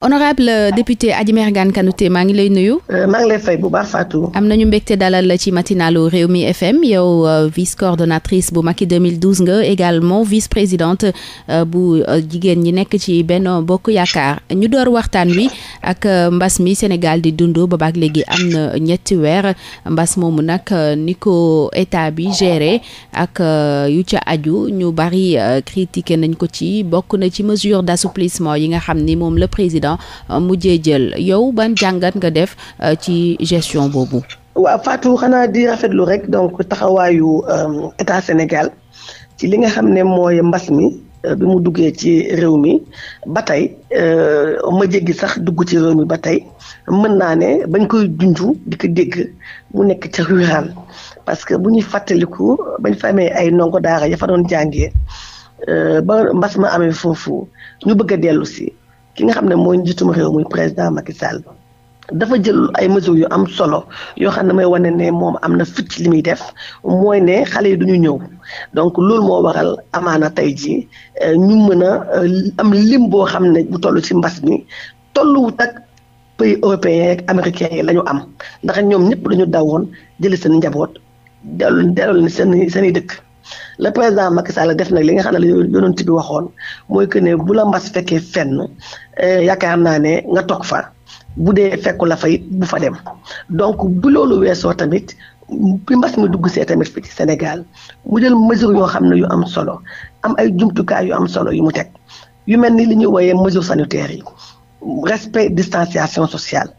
honorable euh, député Adji Mergane Kanouté maa ngi lay nuyu. Euh, maa ngi lay fay bu baax Fatou. am nañu mbégte dalal la ci matinalu mi FM yow euh, vice coordonatrice bu Macky 2012 nga également vice présidente bu jigéen ñi nekk ci benn Bokk Yaakaar ñu door waxtaan wi ak mbas mi Sénégal di dund boobaak léegi am na ñetti weer mbas moomu nag niko ko état bi géré ak yu ca aju ñu bari critiqué nañ ko ci bokk na ci mesure d'assouplissement yi nga xam ni moom la président. mu euh, mujjee jël yow ban jàngat nga def euh, ci gestion boobu. waaw Fatou xanaa di rafetlu rek donc taxawaayu euh, état Sénégal ci li nga xam ne mooy mbas mi. bi mu duggee ci réew mi ba tey ma jéggi sax dugg ci réew mi ba tey mën naa ne bañ koy junj di ko dégg mu nekk ca rural parce que bu ñuy fàttaliku bañ fa amee ay ndongo daara ya fa doon jàngee ba mbas ma amee foofu ñu bëgg a dellu ki nga xam ne mooy njiituma réew muy président Macky dafa jël ay mesures yu am solo yoo xam ne may wane ne moom am na fit li muy def mooy ne xale yi du ñu ñëw donc loolu moo waral amaana tey jii euh, ñu mën a euh, am lim boo xam ne bu toll ci mbas mi tolluwut ak pays européens ak américains yi la ñu am ndax ñoom ñëpp dañu dawoon jëli seen njaboot dellu dellu seen seen i dëkk. le président Macky Sall def nag li nga xam ne la yonent bi waxoon mooy que ne bu la mbas fekkee fenn eh, yaakaar naa ne nga toog fa bu dee fekku la fay it bu fa dem donc bu weesoo tamit bi mbas mi dugg see tamit fii Sénégal mu jël mesure yoo xam ne yu am solo am ay jumtukaay yu am solo yu mu teg yu mel ni li ñuy wooyee mesure sanitaire yi respect distanciation sociale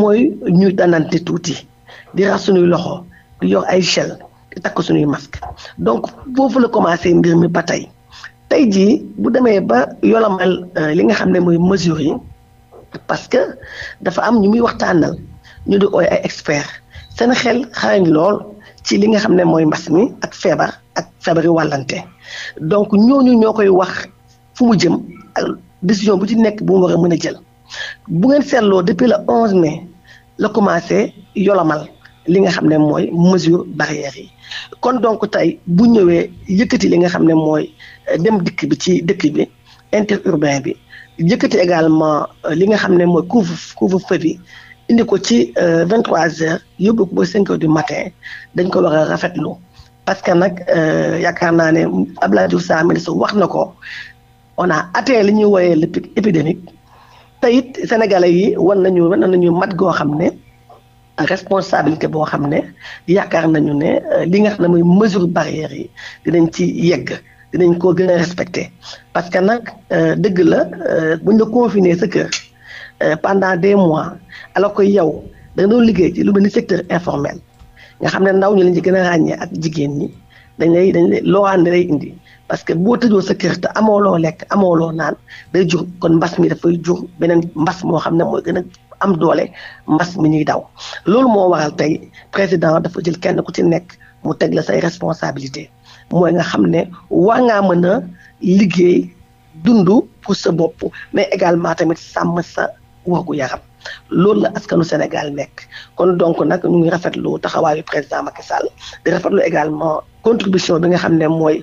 mooy ñuy danante tuuti di rax suñuy loxo di yor ay gel takk suñuy masque donc foofu la commencé mbir mi ba tey tey jii bu demee ba yolomal euh, li nga xam ne mooy mesures yi parce que dafa am ñu muy waxtaanal ñu di ooy ay experts seen xel xarañ lool ci li nga xam ne mooy mbas mi ak feebar ak feebar yu donc ñooñu ñoo koy wax fu mu jëm ak décision bu ci nekk bu mu war a mën a jël bu ngeen seetloo depuis la 11 mais la commencé yolomal li nga xam ne mooy mesure barrière yi kon donc tey bu ñëwee yëkkati li nga xam ne mooy euh, dem dikk bi ci dëkk bi interurbain bi yëkkati également euh, li nga xam ne mooy couvre couvre-feu bi indi ko ci euh, vingt trois heures yóbbu ko ba cinq heures du matin dañ ko war a rafetlu parce que nag yaakaar naa ne Abdoulaye Diouf Sarr ministre wax na ko on a atteint li ñuy wooyee le pic épidémique te it sénégalais yi war na war nañu mat goo xam ne. responsabilité boo xam ne yaakaar nañu ne euh, li nga xam ne mooy mesure barrière yi dinañ ci yegg dinañ ko gën a respecté parce que nag euh, dëgg la euh, buñ la confiné sa kër pendant des mois alors que yow da nga doon liggéey ci lu mel ni secteur informel nga xam ne ndaw ñu lañ ci gën a ràññee ak jigéen ñi dañ lay dañ lay loo ànd lay indi parce que boo tëjoo sa kër te amoo loo lekk amoo loo naan day jur kon mbas mi dafay jur beneen mbas moo xam ne mooy gën a am doole mbas mi ñuy daw loolu moo waral tey président dafa jël kenn ku ci nekk mu teg la say responsabilité mooy nga xam ne war ngaa mën a liggéey dund pour sa bopp mais également tamit sàmm sa wërgu yaram loolu na askanu Sénégal nekk kon donc nag ñu ngi rafetlu taxawaayu président Macky Sall rafetlu également contribution bi nga xam ne mooy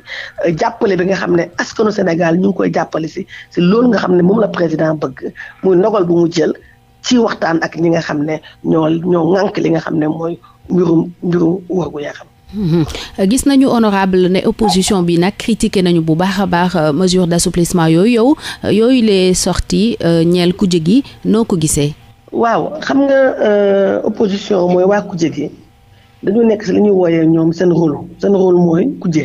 euh, jàppale bi nga xam ne askanu Sénégal ñu ngi koy jàppale si si loolu nga xam ne moom la président bëgg muy ndogal bu mu jël ci waxtaan ak ñi nga xam ne ñoo ñoo ŋànk li nga xam ne mooy mbirum mbirum wër gu yaram mm-hmm. gis nañu honorable ne opposition bi nag critiqué nañu bu baax a baax euh, mesure d'assouplissement yooyu yow euh, yooyu les sorties euh, ñeel kuje gi noo ko gisee waaw xam nga opposition mooy waa kuje gi dañu nekk si li ñuy wooyee ñoom seen rôle seen rôle mooy kuje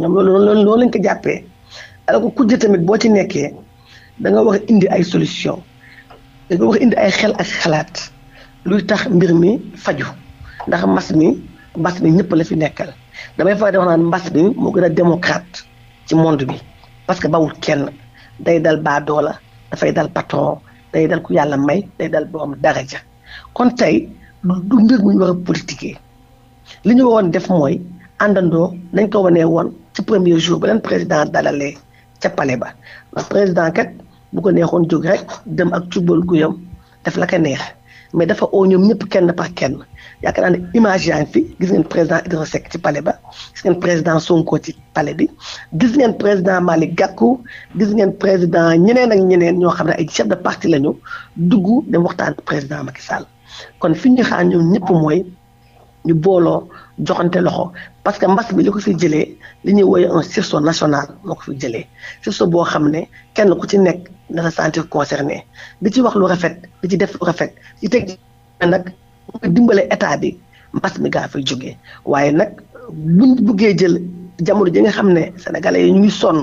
ñoom loolu loolu lañ ko jàppee alors que kuje tamit boo ci nekkee da nga war a indi ay solution da nga indi ay xel ak xalaat luy tax mbir mi faju ndax mbas mi mbas mi ñëpp la fi nekkal damay fay di wax naan mbas mi moo gën a démocrate ci monde bi parce que bawul kenn day dal baadoola dafay dal patron day dal ku yàlla may day dal borom daraja kon tey du mbir mu ñu war a politiquer li ñu waroon def mooy àndandoo nañ ko wanee woon ci premier jour ba leen président dalalee ca palais ba ndax président kat bu ko neexoon jóg rek dem ak cubbal guyam def la ko neex mais dafa oo ñoom ñëpp kenn par kenn yaakaar naa ne image yaa ngi fi gis ngeen président Idrissa Seck ci pale ba gis ngeen président Sonko ci pale bi gis ngeen président mali gàkku gis ngeen président ñeneen ak ñeneen ñoo xam ne ay chef de parti lañu duggu dem waxtaan président Macky Sall kon fi ñu xaar ñoom ñëpp mooy ñu booloo joxante loxo parce que mbas mi li ko fi jëlee li ñuy woyee un sursaut national moo ko fi jëlee sursaut boo xam ne kenn ku ci nekk. na la concerné di ci wax lu rafet di ci def lu rafet ci teg nag mooy dimbale état bi mbas mi gaa fay jógee waaye nag buñ buggee jël jamono ji nga xam ne sénégalais yi ñu ngi sonn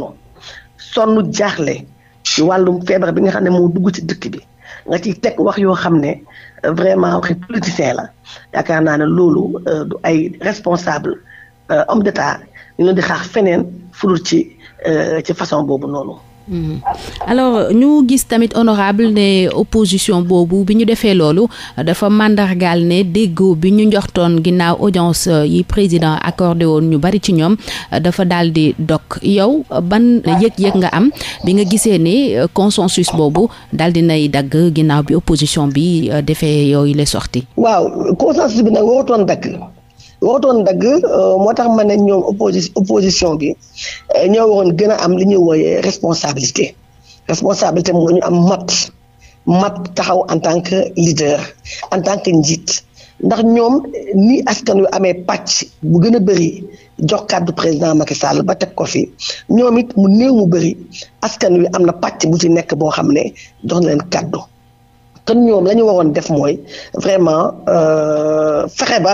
sonn jaaxle ci wàllum feebar bi nga xam ne moo dugg ci dëkk bi nga ci teg wax yoo xam ne vraiment waxi politicien la yaakaar naa ne loolu euh, du ay responsable euh, homme d'état ñu di xaar feneen fulul ci euh, ci façon boobu noonu Mm-hmm. alors ñu gis tamit honorable ne opposition boobu bi ñu defee loolu dafa màndargaal ne déggoo bi ñu njoxtoon ginnaaw audience euh, yi président accordé woon ñu bari ci ñoom euh, dafa daal di dog yow ban yëg-yëg nga am bi nga gisee ni euh, consensus boobu daal di nay dagg ginnaaw bi opposition bi defee yooyu le sorties waaw consensus bi nag warutoon dagg warutoon dagg euh, moo tax ma ne ñoom opposi opposition bi euh, ñoo waroon gën a am li ñuy wooyee responsabilité responsabilité moo ñu am mat mat taxaw en tant que leader en tant njiit ndax ñoom ni askan wi amee pàcc bu gën a bëri jox kàddu président Macky Sall ba teg ko fi ñoom it mu néew mu bëri askan wi am na pàcc bu ci nekk boo xam ne jox na leen kàddu kon ñoom lañuy ñu waroon def mooy vraiment euh, fexe ba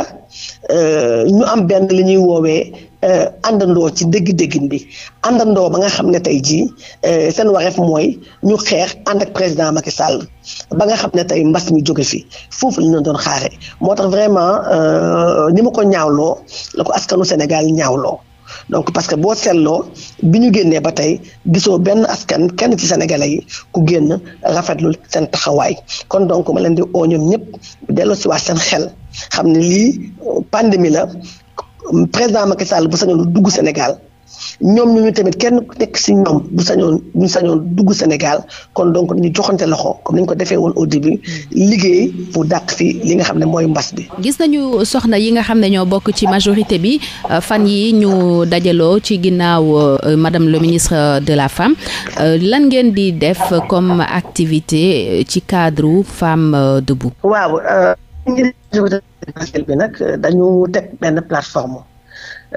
euh, ñu am benn li ñuy woowee euh, àndandoo ci dégg-déggin bi àndandoo ba nga xam ne tey jii seen wareef mooy ñu xeex ànd ak président Macky Sall ba nga xam ne tey mbas mi jóge fi foofu la ñu doon xaare moo tax vraiment ni ma ko ñaawloo la ko askanu Sénégal ñaawloo. donc parce que boo seetloo bi ñu génnee ba tey gisoo benn askan kenn ci sénégalais yi ku génn rafetlul seen taxawaay kon donc ma leen di oo ñoom ñëpp delloo si waat seen xel xam ne lii pandémie la président Macky Sall bu sañoon dugg Sénégal ñoom ñu tamit kenn ku nekk si ñoom bu sañoon bu sañoon dugg Sénégal kon donc ñu joxante loxo comme nañ ko defee woon au début liggéey pour dàq fi li nga xam ne mooy mbas bi. gis nañu soxna yi nga xam ne ñoo bokk ci majorité bi euh, fan yi ñu dajaloo ci ginnaaw euh, madame le ministre de la femme euh, lan ngeen di def comme activité ci cadre femme debout. waaw. bi nag dañu teg benn plateforme.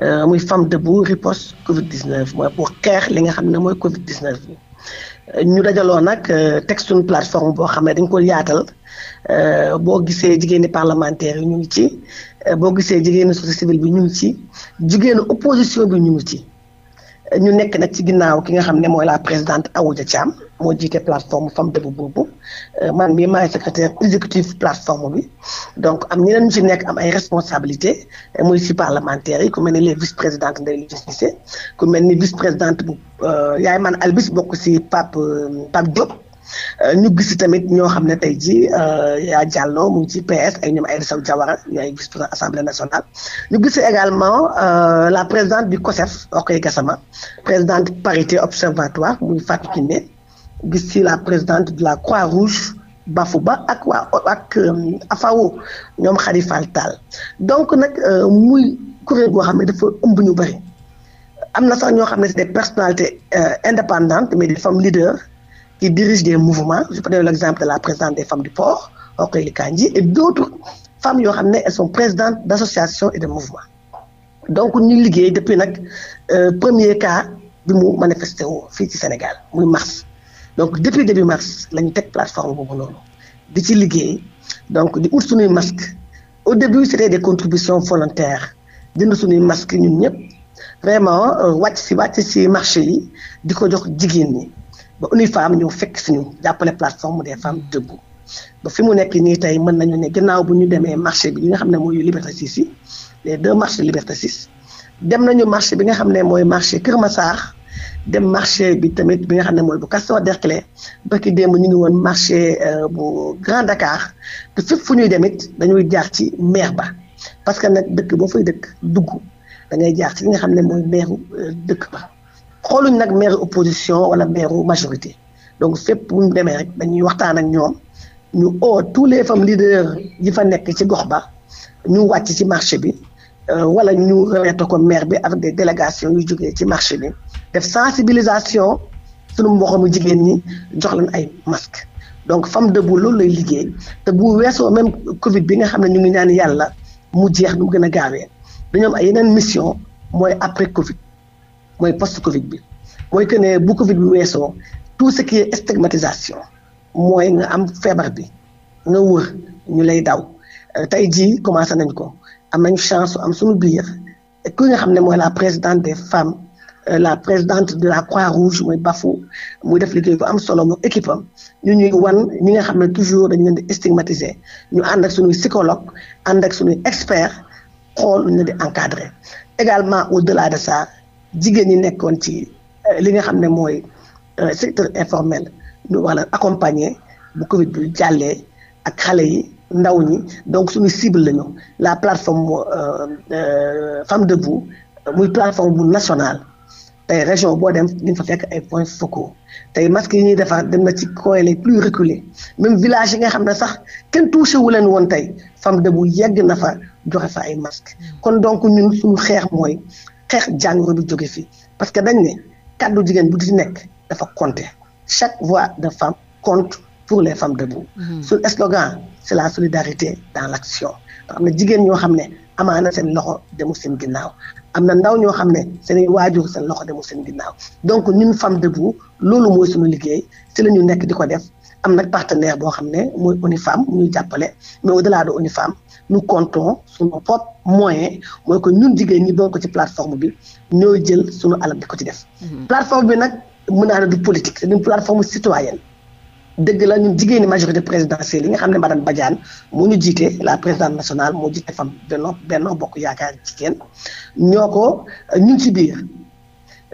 Euh, muy femme debout riposte Covid 19 mooy pour xeex li nga xam ne mooy Covid 19 bi. Euh, ñu dajaloo nag euh, teg suñu plateforme boo xam ne dañ ko yaatal boo gisee jigéeni parlementaire yi ñu ngi ci boo gisee jigéeni société civile bi ñu ngi ci jigéenu opposition bi ñu ngi ci ñu nekk nag ci ginnaaw ki nga xam ne mooy la présidente Awoudia Thiam. moo jiite plateforme bu debout boobu euh, man mii maay secrétaire exécutif plateforme bi donc am ñeneen ñu ci nekk am ay responsabilité muy si parlementaires yi ku mel ni les vice présidentes Ndeye Ly Cissé ku mel ni vice présidente bu euh, yaay man Albis bokk ci Pape euh, Pape Diop. ñu gis tamit ñoo xam ne tey ji yaa Diallo mu ngi ci PS ay ñoom ay Sow Diawara ñooy vice-président assemblée nationale ñu gis également la présidente du COSEF Okey Gassama présidente parité observatoire muy Fatou Kiné gis ci la présidente de la Croix-Rouge Bafouba ak waa ak euh, AFAO ñoom Khady Fall donc nag euh, muy kuréel goo xam ne dafa ëmb ñu bëri am na sax ñoo xam ne c'est des personnalités euh, indépendantes mais des femmes leaders qui dirigent des mouvements je peux l'exemple de la présidente des femmes du port Orly Kandji et d'autres femmes yoo xam ne elles sont présidentes d'associations et de mouvements donc ñu liggéey depuis nag premier cas bi mu manifesté woo fii ci Sénégal muy mars donc depuis début mars la ñu teg plateforme boobu noonu di ci liggéey donc di ut suñuy masque au début c'était des contributions volontaires jënd suñuy masque ñun ñëpp vraiment euh, wàcc si wàcc si marché yi di ko jox jigéen ñi ba UNIFEM ñoo fekk suñu jàppale plateforme des femmes dëggu ba fi mu nekk nii tey mën nañu ne gannaaw bu ñu demee marché bi li nga xam ne mooy Liberté 6 yi les deux marchés Liberté dem nañu marché bi nga xam ne mooy marché Kër Massar dem marché bi tamit bi nga xam ne mooy bu Castors Derklé bërki démb ñu ngi woon marché euh, bu Grand Dakar te fu ñuy demit dañuy jaar ci maire ba parce que nag dëkk boo fay dëkk dugg da ngay jaar ci li nga xam ne mooy maire euh, dëkk ba xooluñ nag maire opposition wala maire majorité donc fépp bu ñu demee rek dañuy waxtaan ak ñoom ñu oo les femmes leaders yi fa nekk ci gox ba ñu wàcc ci marché bi euh, wala ñu remettre ko maire bi avec des délégations yu jógee ci marché bi def sensibilisation sunu mboxamu jigéen ñi jox leen ay masque donc Femme Debout loolu lay liggéey te bu weesoo même Covid bi nga xam ne ñu ngi ñaan yàlla mu jeex nu mu gën a gaawee dañoo ay yeneen mission mooy après Covid mooy post Covid bi mooy que ne bu Covid bu weesoo tout ce qui est stigmatisation mooy nga am feebar bi nga wër ñu lay daw euh, tey jii commencé nañ ko am nañ chance am suñu biir ku nga xam ne mooy la présidente des femmes. Euh, la présidente de la Croix-Rouge mooy Bafou mooy def liggéey bu am solo moom équipe am ñu ñuy wan ñi nga xam ne toujours dañu leen di stigmatiser ñu ànd ak suñuy psychologue ànd ak suñuy expert xool ñu également au-delà de ça jigéen ñi nekkoon ci euh, li nga xam ne mooy euh, secteur informel ñu war leen accompagner bu Covid bi jàllee ak xale yi ndaw ñi donc suñu cible lañu la plateforme Femme Debout muy plateforme bu nationale tey région boo dem di fa fekk ay points focaux tey masques yi ñuy defar dem na ci coins les plus reculés même village yi nga xam ne sax kenn touché wu leen woon tey femme debout yegg na fa joxe fa ay masques kon donc ñun suñu xeex mooy xeex jàngoro bi jóge fi parce que dañ ne kàddu jigéen bu di nekk dafa compter chaque voix de femme compte pour les femmes debout. Mm-hmm. suñu slogan c'est la solidarité dans l'action xam ne jigéen ñoo xam ne amaana seen loxo demu seen ginnaaw am na ndaw ñoo xam ne seen waajur seen loxo demu seen ginnaaw donc ñun Femmes Debout loolu mooy suñu liggéey ci la ñu nekk di ko def am nag partenaire boo xam ne mooy ONU Femmes mu ñu jàppale mais au delà de ONU Femmes nous comptons suñu propre moyen mooy que ñun jigéen ñi bokk ci plateforme bi ñooy jël suñu alam di ko ci def. Mm-hmm. plateforme bi nag mën naa ne du politique c'est une plateforme citoyenne. dëgg la ñun jigéeni majorité présidentielle yi nga xam ne madame Badiane moo ñu jiite la président national moo jiite fam benno benno bokk yaakaar jigéen ñoo ko ñun ci biir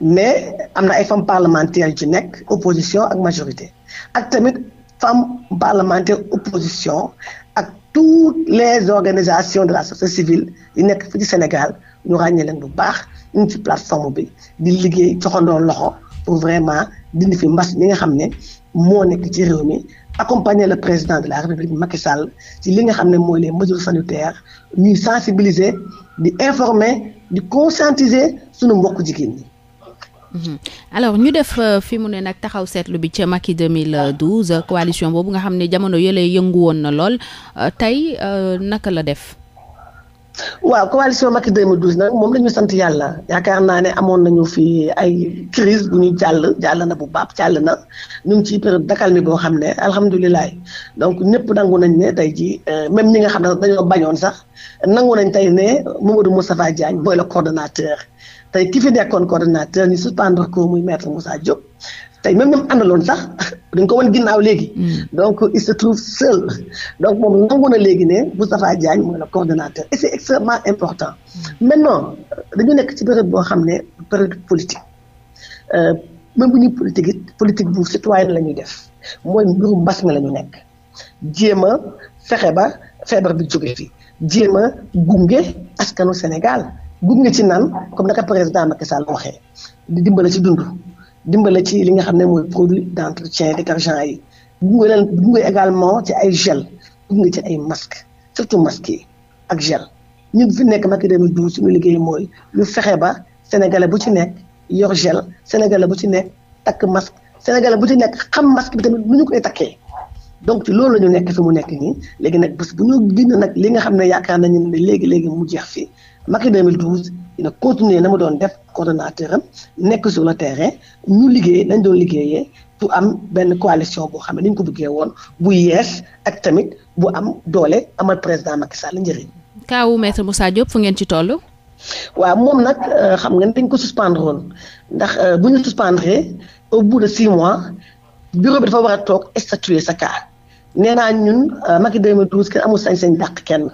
mais am na ay femmes parlementaires yu ci nekk opposition ak majorité ak tamit femme parlementaire opposition ak toutes les organisations de la société civile yi nekk fi ci Sénégal ñu ràññee leen bu baax ñu ci plateforme bi di liggéey joxandoo loxo pour vraiment dindi fi mbas mi nga xam ne moo nekk ci réew mi accompagner le président de la république Macky Sall ci li nga xam ne mooy lee mesures sanitaires ñuy sensibiliser di informer di conscientiser sunu mbokk jigéen ñi. Mhm. alors ñu def euh, fi mu ne nag taxaw seetlu bi ca Macky 2012 coalition boobu nga xam ne jamono yële yëngu woon na lool euh, tey euh, naka la def. waaw coalition Macky 2012 nag moom la ñu sant yàlla yaakaar naa ne amoon nañu fi ay crise bu ñuy jàll jàll na bu baax jàll na ñu ngi ci période d'accalmie boo xam ne alhamdulilah donc ñëpp nangu nañ ne tey jii euh, même ñi nga xam ne dañoo bañoon sax nangu nañ tey ne Mamadou Moustapha Diagne booy la coordonnateur tey ki fi nekkoon coordonnateur ñu suspendre ko muy maître Moussa Diop. tey même ñoom àndaloon sax dañ ko wan ginnaaw léegi. Mm. donc il se trouve seul donc moom nangu na léegi ne bu Moustapha Diagne mooy le coordonnateur et c'est extrêmement important mm. maintenant dañu nekk ci période boo xam ne période politique euh, même bu ñuy politique bu citoyen la ñuy def mooy mbirum mbas mi la ñu nekk jéem a fexe ba feebar bi jóge fi jéem a gunge askanu Sénégal gunge ci nan comme naka président Macky Sall waxee di dimbale ci dund. dimbale ci li nga xam ne mooy produit d' entretien détergent yi gunge leen gunge également ci ay gel gunge ci ay masque surtout masque yi ak gel ñun fi nekk Macky 2012 suñu liggéey mooy lu fexe ba sénégalais bu ci nekk yor gel sénégalais bu ci nekk takk masque sénégalais bu ci nekk xam masque bi tamit nu ñu koy takkee donc ci loolu la ñu nekk fi mu nekk nii léegi nag bés bu ñu génn nag li nga xam ne yaakaar nañu ne léegi léegi mu jeex fii Macky 2012 dina continuer na mu doon def coordonnateur am nekk sur le terrain ñu liggéey dañ doon liggéeyee bu am benn coalition boo xam ne ni ñu ko bëggee woon bu yees ak tamit bu am doole amal président Macky Sall njëriñ. kaawu maître Moussa Diop fu ngeen ci toll. waaw moom nag euh, xam nga dañ ko suspendre woon ndax euh, bu ñu suspendre au bout de six mois bureau bi dafa war a toog statuer sa cas. nee naa ñun euh, Macky 2012 kenn amul sañ-sañ dàq kenn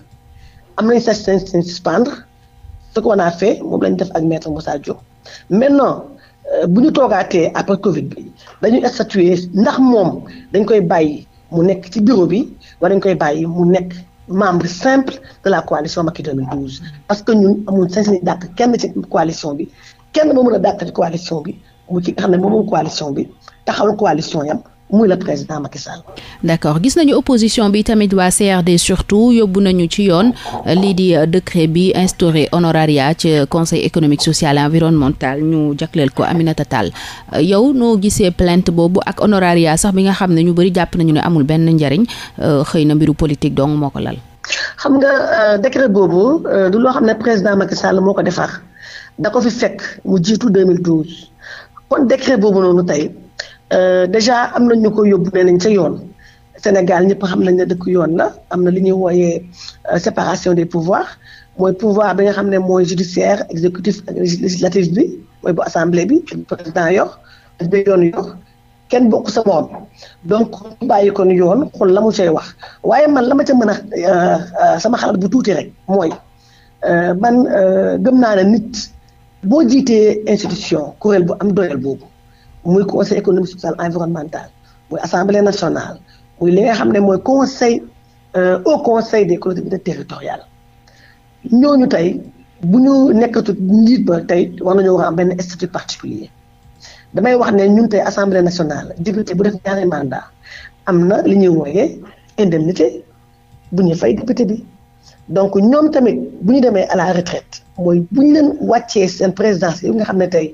am nañ sañ-sañ suspendre ce qu'on a fait moom lañ def ak maître Moussa Diop maintenant euh, bu ñu toogaatee après Covid bi dañuy statuer ndax moom dañ koy bàyyi mu nekk ci bureau bi wala dañ koy bàyyi mu nekk membre simple de la coalition Macky 2012 parce que ñun amul sañ-sañ dàq kenn ci coalition bi kenn moo mën a dàq ci coalition bi mu ci nga xam ne moom coalition bi taxawal coalition yam muy la président Macky Sall. d'accord gis nañu opposition bi tamit waa CRD surtout yóbbu nañu ci yoon euh, lii di euh, décret bi instauré honoraria ci conseil économique social et environnemental ñu jagleel ko Aminata Tall euh, yow noo gisee plainte boobu ak honoraria sax bi nga xam ne ñu bëri jàpp nañu ne amul benn njariñ xëy na mbiru politique donc moo ko lal. xam nga décret boobu du loo xam ne président Macky Sall moo ko defar da ko fi fekk mu jiitu 2012 kon décret boobu noonu Euh, déjà am nañ ñu ko yóbbu nee nañ ca yoon Sénégal ñëpp xam nañ ne dëkk yoon na am na li ñuy wooyee euh, séparation des pouvoirs mooy pouvoir bi nga xam ne mooy judiciaire exécutif ak législatif bi mooy bu assemblée bi président yor ak bi yoon yor kenn bokk sa moom donc bàyyi ko yoon xool la mu cay wax waaye man la ma ca mën a euh, sama xalaat bu tuuti rek mooy man gëm naa ne nit boo jiitee institution kuréel bu am doyel boobu muy conseil économique social environnemental muy assemblée nationale muy li nga xam ne mooy conseil euh, au conseil des collectivités territoriales ñooñu tey bu ñu nekkatut njiit ba tey war nañoo war a am benn statut particulier damay wax ne ñun tey assemblée nationale député bu def ñaari mandat am na li ñuy wooyee indemnité bu ñu fay député bi donc ñoom tamit bu ñu demee à la retraite mooy bu ñu leen wàccee seen présidence yi nga xam ne tey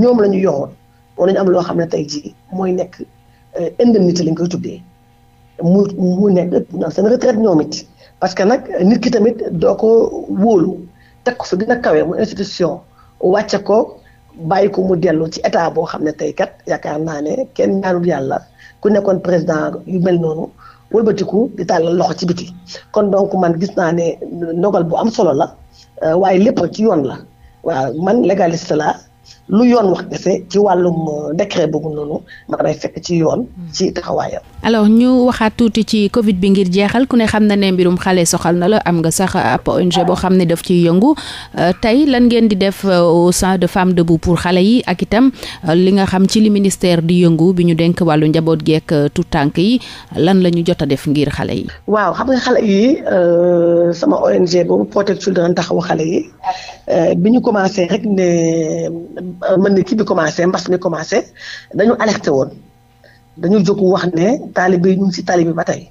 ñoom la ñu yoroon wala ñu am loo xam ne tey jii mooy nekk euh, indemnité lañ koy tuddee mu mu nekk ñoom seen retraite ñoom it parce que nag nit ki tamit doo ko wóolu teg ko fi gën a mu institution wàcce ko bàyyi ko mu dellu ci état boo xam ne tey kat yaakaar naa ne kenn ñaanul yàlla ku nekkoon président yu mel noonu wëlbatiku di tàllal loxo ci biti kon donc man gis naa ne ndogal bu am solo la euh, waaye lépp ci yoon la waaw man légaliste la lu yoon wax kese ci wàllum euh, décret boobu noonu ndax day fekk ci yoon. ci taxawaayam. alors ñu waxaat tuuti ci Covid bi ngir jeexal ku ne xam na ne mbirum xale soxal na la am nga sax ab ONG boo xam ne daf ciy yëngu euh, tey lan ngeen di def euh, au sein de Femmes Debout pour xale yi ak itam li nga xam ci li ministère di yëngu bi ñu denk wàllu njaboot geek tout tànk yi lan la ñu jot a def ngir xale yi. waaw xam nga xale yi sama ONG boobu Protect Children taxawu xale yi bi ñu commencé rek Euh, mën ni kii bi commencé mbas mi commencé dañu alerté woon dañu jóg wax ne taalibe yi ñu ngi si tali ba tey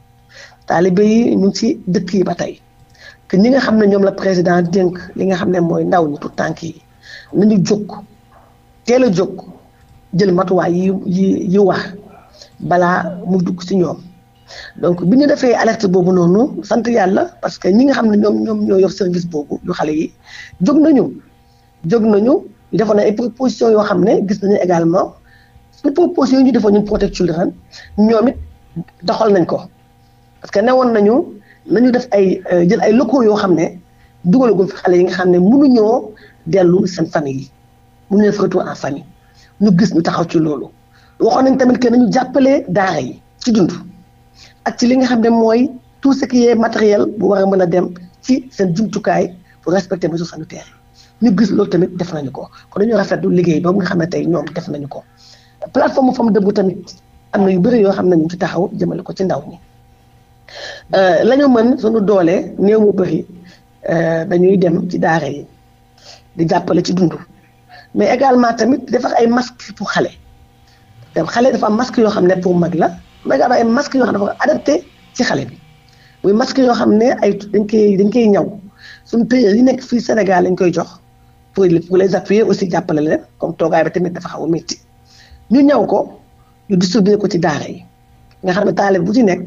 taalibe yi ñu ngi si dëkk yi ba tey que ñi nga xam ne ñoom la président dénk li nga xam ne mooy ndaw ñi tout tànk yi nañu jóg teel a jóg jël matuwaay yi yi yi wax balaa mu dugg si ñoom donc bi ñu defee alerte boobu noonu sant yàlla parce que ñi nga xam ne ñoom ñoom ñoo yor service boobu yu xale yi jóg nañu jóg nañu ñu defoon ay propositions yoo xam ne gis nañu également suñu propositions yi ñu defoon ñun Protect Children ñoom it doxal nañ ko parce que newoon nañu nañu def ay euh, jël ay locaux yoo xam ne dugalagul fi xale yi nga xam ne mënuñoo dellu seen famille yi mënuñu def retour en famille ñu gis ñu taxaw ci loolu. waxoon nañ tamit que nañu jàppale daara yi ci dund ak ci li nga xam ne mooy tout ce qui matériel bu war mën a dem ci seen jumtukaay pour respecter mesures sanitaires. ñu gis loolu tamit def nañu ko kon dañoo rafetlu liggéey boobu nga xam ne tey ñoom def nañu ko plateforme Femme Debout tamit am na yu bëri yoo xam ne ñu ci taxaw jëmale ko ci ndaw ñi euh, la ñu mën suñu doole néew mu bëri euh, dañuy dem ci daara di jàppale ci dund mais également tamit defar ay masque pour xale te xale dafa am masque yoo xam ne pour mag la mais am ay masque yoo xam ne dafa adapté ci xale bi muy masque yoo xam ne ay dañ koy dañ koy ñaw suñu tailleur yi nekk fii Sénégal lañ koy jox pour pour les appuyer aussi jàppale leen comme toogaay bi tamit xaw a métti ñu ñaw ko ñu distribuer ko ci daara yi nga xam ne taalib bu ci nekk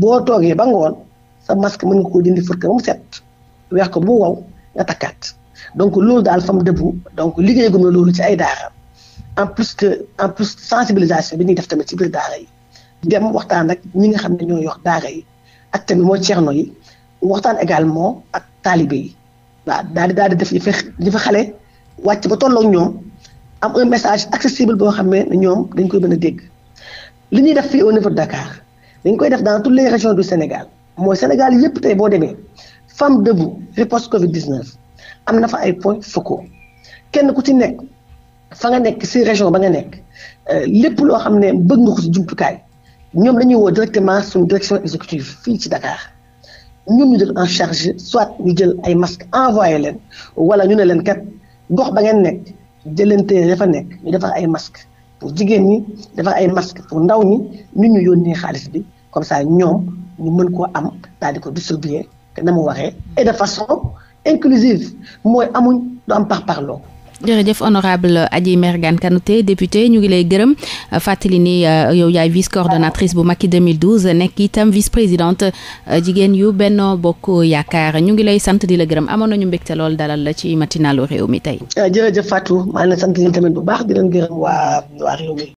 boo toogee ba ngoon sa masque mën nga koo dindi furke ba set weex ko bu wow nga takkaat donc loolu daal fam dëbbu donc liggéey gum loolu ci ay en plus que en plus sensibilisation bi ñuy def tamit ci biir daara yi dem waxtaan ak ñi nga xam ne ñoo yox daara yi ak tamit moo ceerno yi waxtaan également ak taalibe yi waaw daal di daal di def li fa li fa xale wàcc ba tolloog ñoom am un message accessible boo xam ne ñoom dañ koy mën a dégg li ñuy def fi au niveau de Dakar dañ koy def dans tout les région du Sénégal mooy Sénégal yépp tey boo demee femme debout riposte Covid 19 am na fa ay point focaux kenn ku ci nekk fa nga nekk si région ba nga nekk euh, lépp loo xam ne bëgg nga ko jumtukaay ñoom la woo directement suñu direction exécutive fii ci Dakar. ñun ñu jël en charger soit ñu jël ay masques envoyé leen wala ñu ne leen kat gox ba ngeen nekk jëlante dafa nekk ñu defar ay masques pour jigéen ñi defar ay masques pour ndaw ñi ñun ñu yónnee xaalis bi comme ça ñoom ñu mën koo am daal di ko distribuer te na mu waxee et de façon inclusive mooy amuñ du am parparloo jërëjëf honorable Adji Mergane Kanouté député ñu ngi lay gërëm fàttali ni euh, yow yaay vice coordonnatrice bu Macky 2012 nekk itam vice présidente euh, jigéen yu Benno Bokk Yaakaar ñu ngi lay sant di la gërëm amoon nañu mbégte lool dalal la ci matinalu réew mi tey. Euh, jërëjëf Fatou maa ngi sant leen tamit bu baax di leen gërëm waa waa réew mi.